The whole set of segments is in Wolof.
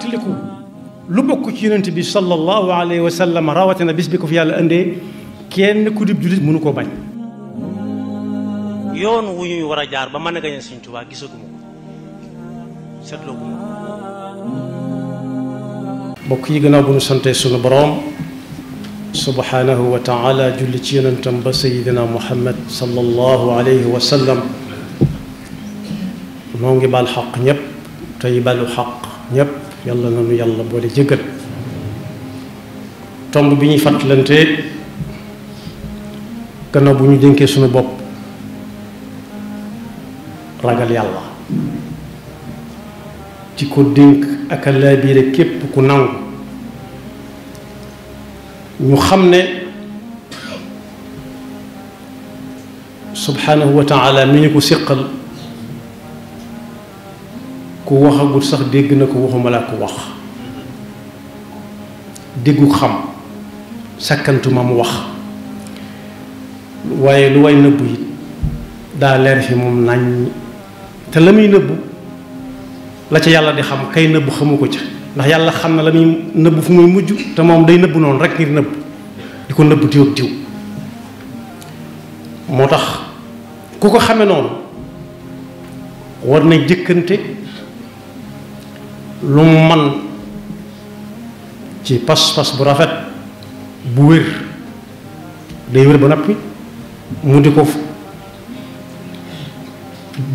تلكو لبكو كيرن تبي صلى الله عليه في الأندى كين كوديب جلس منو باي يون ويني ورا جار بمانة كيان سنجوا كيسو كمو بكي جنا بنو سنتة سن برام سبحانه وتعالى جل تشين انتم سيدنا محمد صلى الله عليه وسلم نونغي بالحق نيب تيبالو حق نيب yàlla na nu yàlla boole jëggal tomb bi ñuy fàttalante gannaaw bu ñu dénkee suñu bopp ragal yàlla ci ko dénk ak a laabiire képp ku nangu ñu xam ne subhanahu wa taala mi ñu ko séqal ku waxagul sax dégg na ko waxuma laa ko wax dégguk xam sakkantuma mu wax waaye lu way nëbbu it daa leer fi moom nañ te la muy nëbb la ca yàlla di xam kay nëbb xamu ko ca ndax yàlla xam na la muy nëbbu fu muy mujj te moom day nëbbu noonu rek ngir nëbbu di ko nëbbu diw ak moo tax ku ko xame noonu war na jëkkante lu man ci pas-pas bu rafet bu wir day wir ba nopi mu diko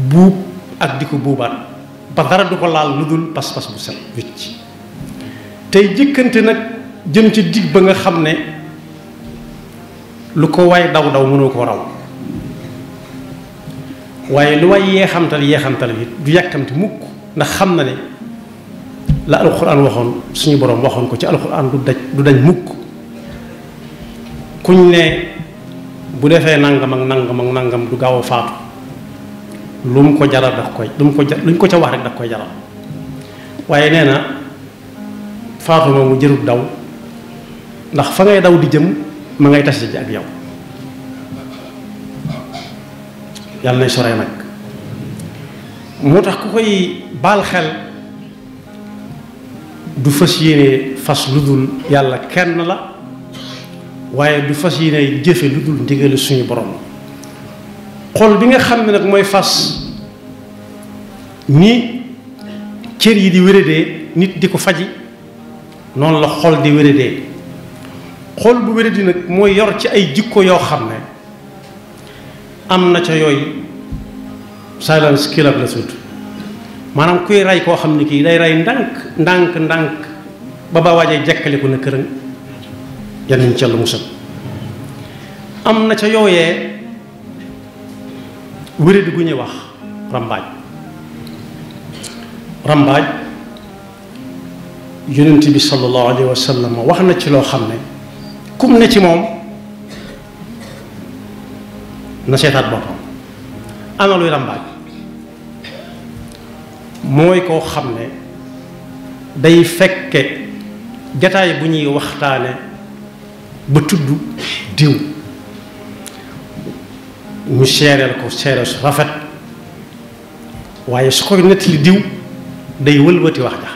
bu ak diko ko ba dara du ko laal ludul pas-pas bu sel wicc tay jikante nak jëm ci dig ba nga xamne lu ko way daw daw mënoo ko raw waye lu waay yeexamtal yeexamtal bi du yakamti mukk ndax xam na ne la Quran waxon suñu borom waxon ko ci alquran du daj du dañ mukk kuñ ne bu defé nangam ak nangam ak nangam du gawo a faatu lum ko jaral daf koy dum ko luñ ko ci wax rek daf koy jaral waye neena faatu mo mu jërut daw ndax fa ngay daw di jëm ma ngay ci ak yow yalla ne nak motax ku koy bal xel du fas yéene fas lu dul yàlla kenn la waaye du fas yéene jëfe lu dul ndigal suñu borom xol bi nga xam ne nag mooy fas ni cër yi di wéradee nit di ko faji noonu la xol di wéradee xol bu wéradi nag mooy yor ci ay jikko yoo xam ne am na ca yooyu silence killab la sut maanaam kuy rey koo xam ne kii day rey ndànk ndànk ndànk ba ba waajee jekkaliku na këram yal nañ ci Yàlla musal am na ca yooyee wéradi gu ñuy wax rambaaj rambaaj yonent bi sallallahu alayhi wa wax na ci loo xam ne kum ne ci moom na seetaat boppam ana luy mooy koo xam ne day fekke jataay bu ñuy waxtaanee ba tudd diw ñu seereel ko seere su rafet waaye su koy nettali diw day wëlbati wax ja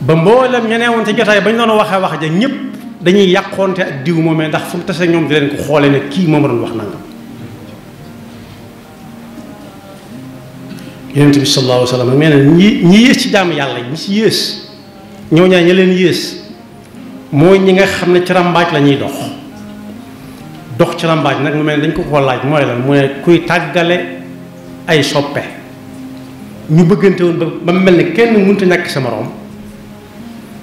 ba mboolem ña neewoon ca jataay ba ñu doon waxee wax ja ñëpp dañuy yàqoonte ak diw moomee ndax fu mu tase ñoom di leen ko xoole ne kii moom doon wax nangam yonent bi sallallahu alayhi wa sallam nee ñi ñi yées ci jaamu yàlla ñi ci yées ñoo ñaa ña leen yées mooy ñi nga xam ne ci ràmbaaj la ñuy dox dox ci ràmbaaj nag mu mel dañ ko laaj mooy lan mu ne kuy tàggale ay soppe ñu bëggante woon ba ba mel ni kenn mënta ñàkk sa moroom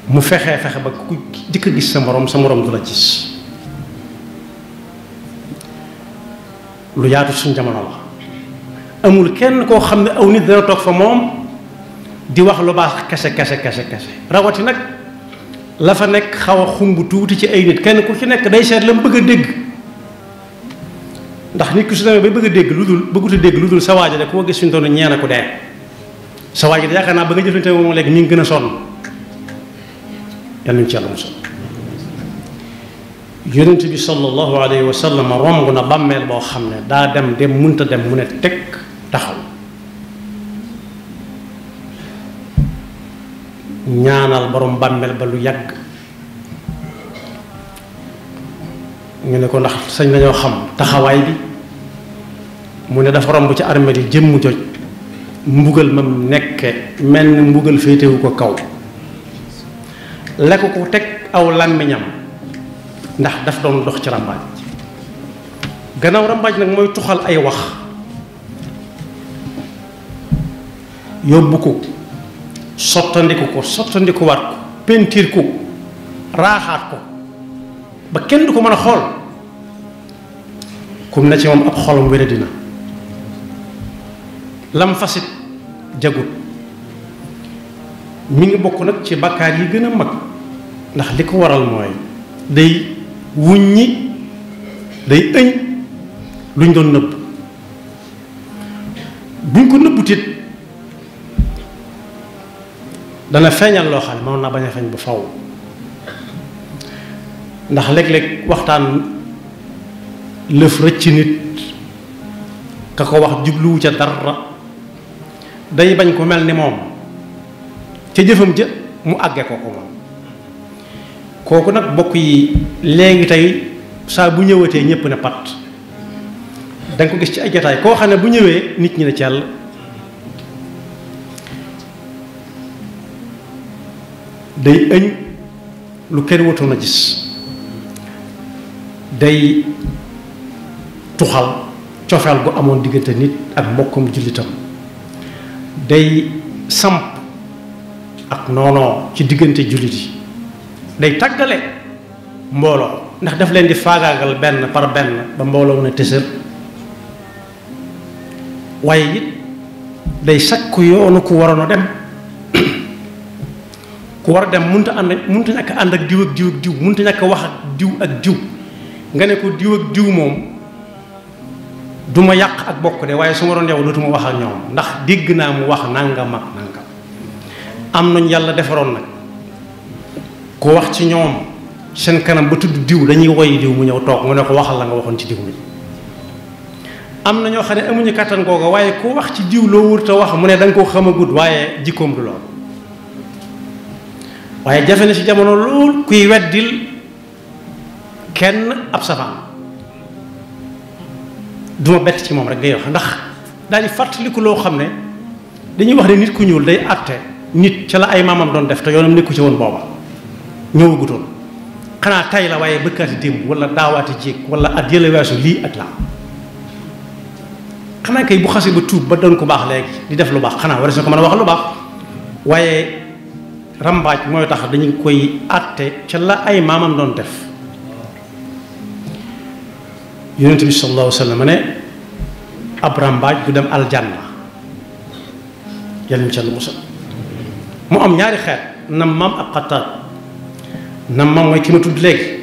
mu fexe fexe ba ku jëkk gis sa moroom sa moroom du la gis lu yaatu suñ jamono la amul kenn ko xamne aw nit dana tok fa mom di wax lu bax kasse kasse kasse kasse rawati nak la fa nek xawa xumbu tuti ci ay nit kenn ku ci nek day set lam bëgg a dégg ndax nit ku ci dama bay bëgg a dégg lu dul bëggut dégg lu sa waji rek ko gis suñu tonu ñeena ko de sa waji da yaakaar naa ba nga jëfante moom léegi mi ngi gën a sonn yal nañu ci yàlla musal yonent bi sallallahu alayhi wa sallam romb na bammel bo xamne da dem dem munta dem mu ne teg taxaw ñaanal borom bàmmeel ba lu yàgg ñu ne ko ndax sañ nañoo xam taxawaay bi mu ne dafa romb ci armée yi jëmm joj mbugal mam nekke mel ni mbugal féetewu ko kaw lekk ko teg aw làmmiñam ndax daf doon dox ci ràmbaaj gannaaw ràmbaaj nag mooy tuxal ay wax yóbbu ko sottandiku ko sottandikuwaat ko pentiir ko raaxaat ko ba kenn du ko mën a xool kum na ci moom ab xolam wéra dina jagut mi ngi bokk nag ci bakkaar yi gën a mag ndax li ko waral mooy day wuñ wuññi day ëñ luñ doon nëbb buñ ko nëbbutit dana feñal lo xal mo na baña feñ bu faw ndax léeg-léeg waxtan leuf recc nit kako wax jubluwu ca dara day bañ ko melni mom ci ca jëfam mu àgge ko ko mom koku nak bokk yi léegi tay sa bu ñëwatee ñëpp ne pat dang ko gis ci ay jotaay ko xam bu ñëwee nit ñi na ci yàlla day ëñ lu kenn wutoon a gis day tuxal cofeel gu amoon diggante nit ak mbokkum jullitam day samp ak noonoo ci diggante jullit yi day tàggale mbooloo ndax daf leen di faagaagal benn par benn ba mbooloo mën tësër waaye it day sakku yoonu ku waroon a dem ku war dem munta and munta nak and ak diw ak diw ak diw munta nak wax ak diw ak diw nga ne ko diw ak diw mom duma yak ak bokk de waye suma ma yow dootuma wax ak ñoom ndax deg na mu wax nanga mak nanga am nañ yalla defaron nak ku wax ci ñoom seen kanam ba tuddu diw dañuy woy diw mu ñew tok mu ne ko waxal la nga waxon ci diw mi am na ñoo amuñu katan goga waye ku wax ci diw lo wurta wax mu ne dang ko xamagut waye jikom du lool waaye jafe na ci jamono lool kuy weddil kenn ab safaan duma bett ci moom rek ngay wax ndax daal di fàttaliku loo xam ne dañuy wax ne nit ku ñuul day àtte nit ca la ay maamam doon def te yoonam nekku ci woon booba ñëwagutoon xanaa tay la waaye bëkkaati démb wala daawaati jéeg wala at yële weesu lii ak laa xanaa kay bu xasee ba tuub ba doon ko baax léegi di def lu baax xanaa war na ko mën a wax lu baax rambaaj mooy tax dañu koy àtte ca la ay maamam doon def yonent bi sallallahu alayhi ne ab rambaaj du dem aljanna yàlla ñu ca lu musal mu am ñaari xeet nam maam ak xattaat nam maam mooy ki ma tudd léegi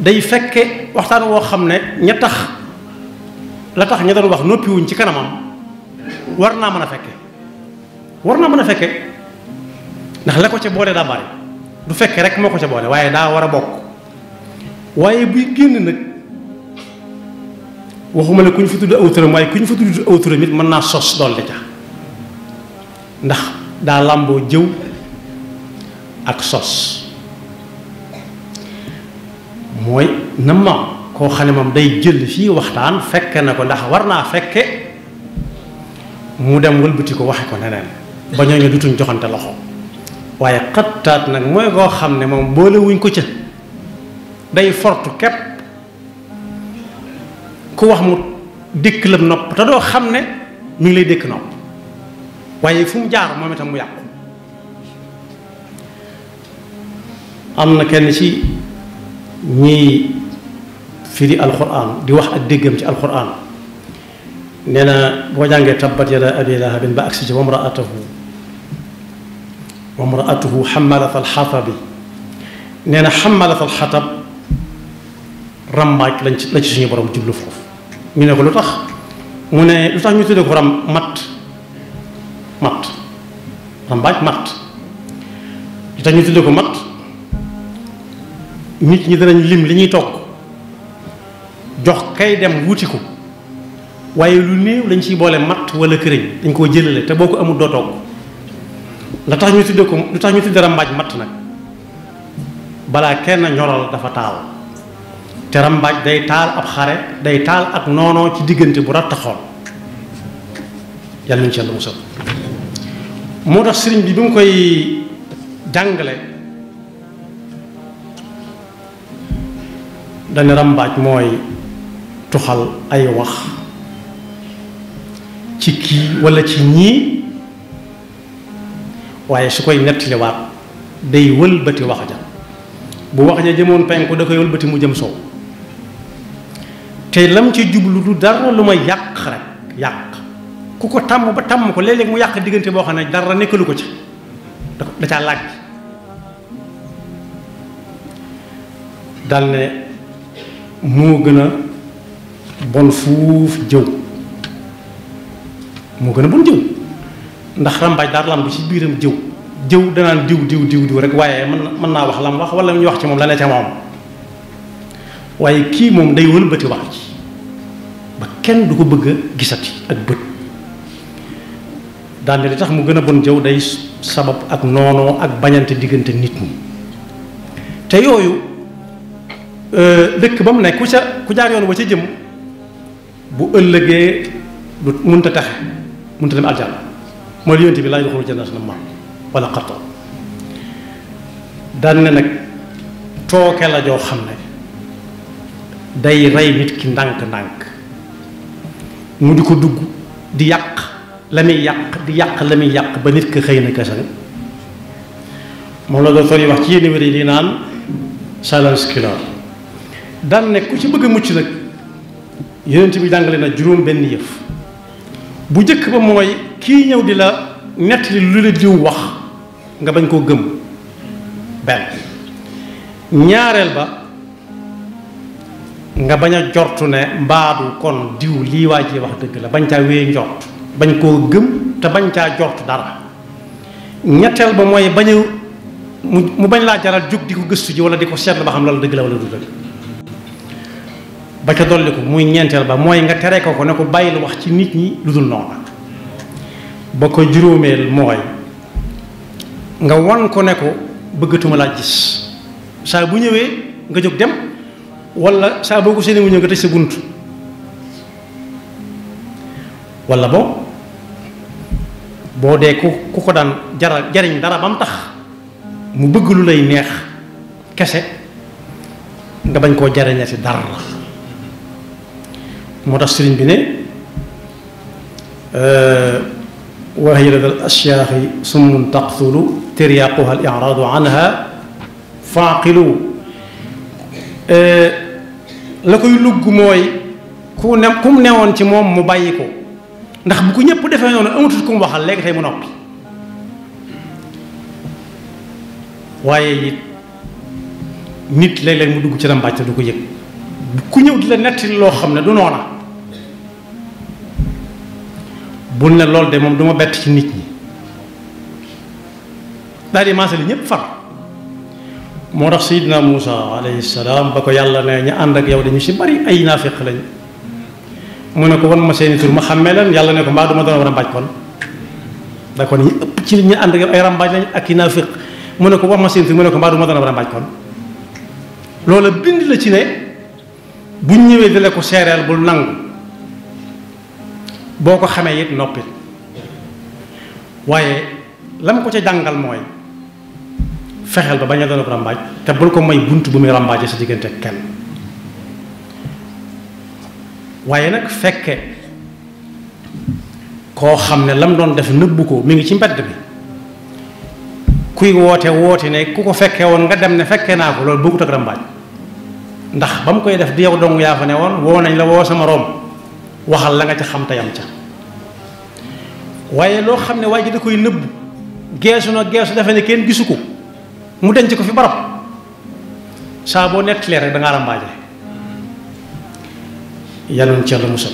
day fekke waxtaan woo xam ne ña tax la tax ña doon wax noppiwuñ ci kanamam war naa mën a fekke war naa mën a fekke ndax la ko ca boole daa bari du fekk rek moo ko ca boole waaye daa war a bokk waaye buy génn nag waxuma ne ku ñu fa tudd aw turam ku ñu fa tudd aw it mën naa sos dolli ca ndax daa làmboo jëw ak sos mooy na ma koo xam ne moom day jël fii waxtaan fekke na ko ndax war naa fekke mu dem wëlbati ko waxe ko neneen ba ñooñu dutuñ joxante loxo waaye xëttaat nak moy go xamne mom moom boole wuñ ko ci day fortu kep ku wax mu dékk lam nop ta do xamne mi ngi lay dékk nop waye fu mu jaar mom itam mu yak amna kenn ci ñiy firi alquran di wax ak deggam ci alquran nee bo jange tabbat yadaa abii lahabin ba aksi ci wamraatahu وامرأته حمالة الحطب نينا حمالة الحطب رمك لا تشيني برام جبل فوف مين أقول لك من لطخ نيو تدي غرام مات مات رمك مات لطخ نيو تدي غرام مات nit ñi dañ lim li ñi tok jox kay dem wutiko waye lu neew lañ ci bolé mat wala kërëñ dañ ko jëlale té boko amu dotok la tax ñu tudde ko lu tax ñu tudde rambaaj matt nag balaa kenn ñoral dafa taal te rambaaj day taal ab xare day taal ak noonoo ci diggante bu rattaxoon yàlla nañu ci yàlla musal moo tax sëriñ bi bi mu koy jàngale dana rambaaj mooy tuxal ay wax ci kii walla ci ñii waaye su koy nettaliwaat day wëlbati wax ja bu wax ja jëmoon penku da koy wëlbati mu jëm sow te lam ci jublu du dara lu may yàq rek yàq ku ko tàmm ba tàmm ko léeg-léeg mu yàq diggante boo xam ne dara nekkalu ko ci da caa laaj dal ne moo gën a bon fuuf jëw moo gën a bon jëw ndax rambaaj dar lam bi ci biiram jëw da nan diw diw diw diw rek waye man man na wax lam wax wala ñu wax ci mom la ne ci mom waye ki mom day beuti wax ci ba kenn du ko bëgg gisati ak beut dal li tax mu gëna bon jëw day sabab ak nono ak bañante digënte nit ñi te yoyu euh dekk bam ne ku ca ku jaar yoon ba ci jëm bu ëllëgé du munta tax munta dem aljanna mooy li yonent bi laa yadxulul jannata nammaam wala xatto daan ne nag tooke la joo xam ne day rey nit ki ndànk-ndànk mu di ko dugg di yàq la muy yàq di yàq la muy yàq ba nit ki xëy na kasan moom la docteur yi wax ci yenn wér yi di naan silence killer daan ne ku ci bëgg a mucc nag yonent bi jàngale na juróom benn yëf bu jëkk ba mooy kii ñëw di la nettali lu la diw wax nga bañ koo gëm benn ñaareel ba nga bañ a jortu ne mbaadu kon diw lii waa ji wax dëgg la bañ caa wéy njort bañ koo gëm te bañ caa jortu dara ñetteel ba mooy bañ a mu bañ laa jaral jóg di ko gëstu ji wala di ko seetlu ba xam loolu dëgg la wala du dëgg ba ca dolli ko muy ñeenteel ba mooy nga tere ko ko ne ko bàyyil wax ci nit ñi lu dul noona bako juromel moy nga wan ko ne ko beugatuma la gis sa bu ñewé nga jog dem wala sa boo ko seeni mu ñëw nga tëj sa bunt wala bo bo de ko ku ko dan jara jariñ dara bam tax mu bëgg lu lay neex kese nga bañ koo jariñati dara tax serigne bi ne euh, وهي لدى الأشياخ سم تقتل ترياقها الإعراض عنها فاعقلوا أه، لكو يلوغ موي كونم كوم نيوان تي موم مو بايكو ناخ أن نيپ ديفاي نون امو تكوم واخال ليك تاي مو نوبي واي نيت نيت لي لين مو دوغ تي دام باتي دوكو ييك بوكو نيو دي لا نيت لو خامنا دو نونا buñ ne lool de moom duma bett ci nit ñi daal di maasali ñëpp far moo tax Seydina Muusa alayhi salaam ba ko yàlla ne ñu ànd ak yow dañu si bari ay naafiq lañ mu ne ko wan ma seeni tur ma yàlla ne ko mbaa du ma doon a mbaaj kon da ko ëpp ci ñu ànd ak yow ay rambaaj mu ne ko wan ma ne ma doon war a mbaaj kon bind la ci ne buñ ñëwee dale ko seereel bul nangu boo ko xamee it noppi waaye lam ko ca jàngal mooy fexeel ba bañ a doon ràmbaaj te bul ko may bunt bu muy ràmbaaje sa diggante kenn waaye nag fekke koo xam ne lam doon def nëbbu ko mu ngi ci mbedd bi kuy woote woote ne ku ko fekkee woon nga dem ne fekkee naa ko loolu bëggut ak ràmbaaj ndax ba mu koy def di yow dong yaa fa ne woon woo nañ la woo sa moroom waxal la nga ca xam te ca waaye loo xam ne waa ji da koy nëbb geesu na geesu defe ne kenn gisu ko mu denc ko fi barab saa boo nekk leer rek da ngaa rambaaje yanoon ci yàlla musal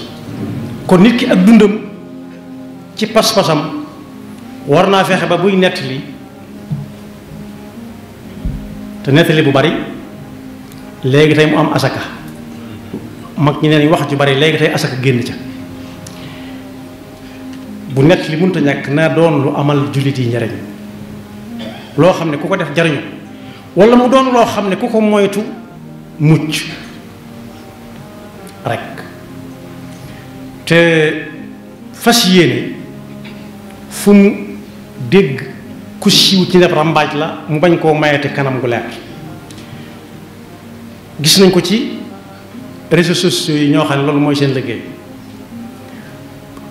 kon nit ki ak dundam ci pas-pasam war naa fexe ba buy nettali te nettali bu bari léegi tey mu am asaka mag ñi neen wax ju bari léegi tey asaka génn ca bu nett li munta ñàkk na doon lu amal jullit yi njariñ loo xam ne ku ko def jariñu wala mu doon loo xam ne ku ko moytu mucc rekk te fas yéene fu mu dégg ku siiw ci neb rambaaj la mu bañ koo mayete kanam gu leer gis nañ ko ci réseaux sociaux yi ñoo xam ne loolu mooy seen liggéey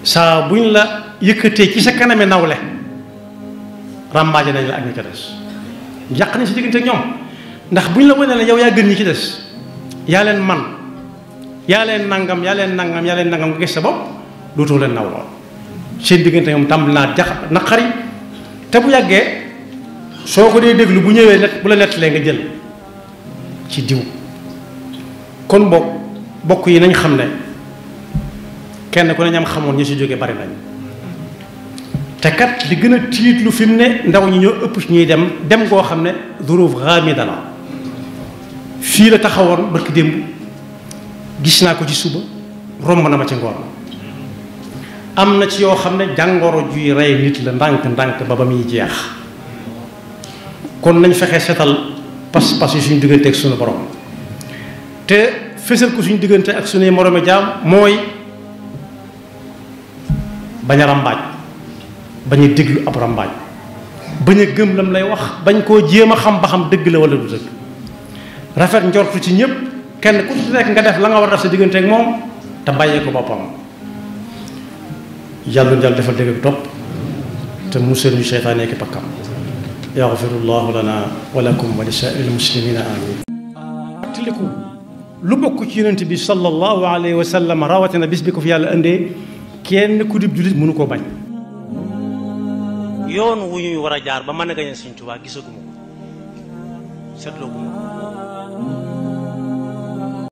saa buñ la yëkkatee ci sa kaname nawle ràmbaaje nañ la ak ñi ca des yàq nañ si diggante ñoom ndax buñ la wane la yow yaa gën ñi ci des yaa leen man yaa leen nangam yaa leen nangam yaa leen nangam nga gis sa bopp dootoo leen nawloo seen diggante ñoom tàmbali naa jax naqari te bu yàggee soo ko dee déglu bu ñëwee net bu la nettalee nga jël ci diw kon bokk bokk yi nañ xam ne kenn ku ne ñam xamoon ñu si jóge bari nañ te kat li gën a tiitlu fi mu ne ndaw ñi ñoo ëpp ñuy dem dem goo xam ne duruf raamida la fii la taxawoon barki démb gis naa ko ci suba romb na ma ci ngoon am na ci yoo xam ne jàngoro juy rey nit la ndànk ndànk ba ba muy jeex kon nañ fexe setal pas-pas yi suñu digganteeg suñu borom te fessel ko suñu digënté ak suñu moroomi jaam moy baña rambaaj baña a ab rambaaj baña gëm lam lay wax bañ ko jema xam ba xam deug la wala du deug rafet ndortu ci ñepp kenn ku ci nekk nga def la nga war def sa digënté ak mom ta bàyyee ko bopam yalla na defal deug ak top te musal ñu ki pakam ya yaxfirullahu lana wa lakum wa lisa'il muslimina amin lu bokku ci yonent bi sallallahu alayhi wa sallam rawatina bis bi ko fi yàlla ande kenn ku dib julit mënu koo bañ. yoon wu ñuy war jaar ba man nga gañe Sëñ touba gisaguma ko seetloo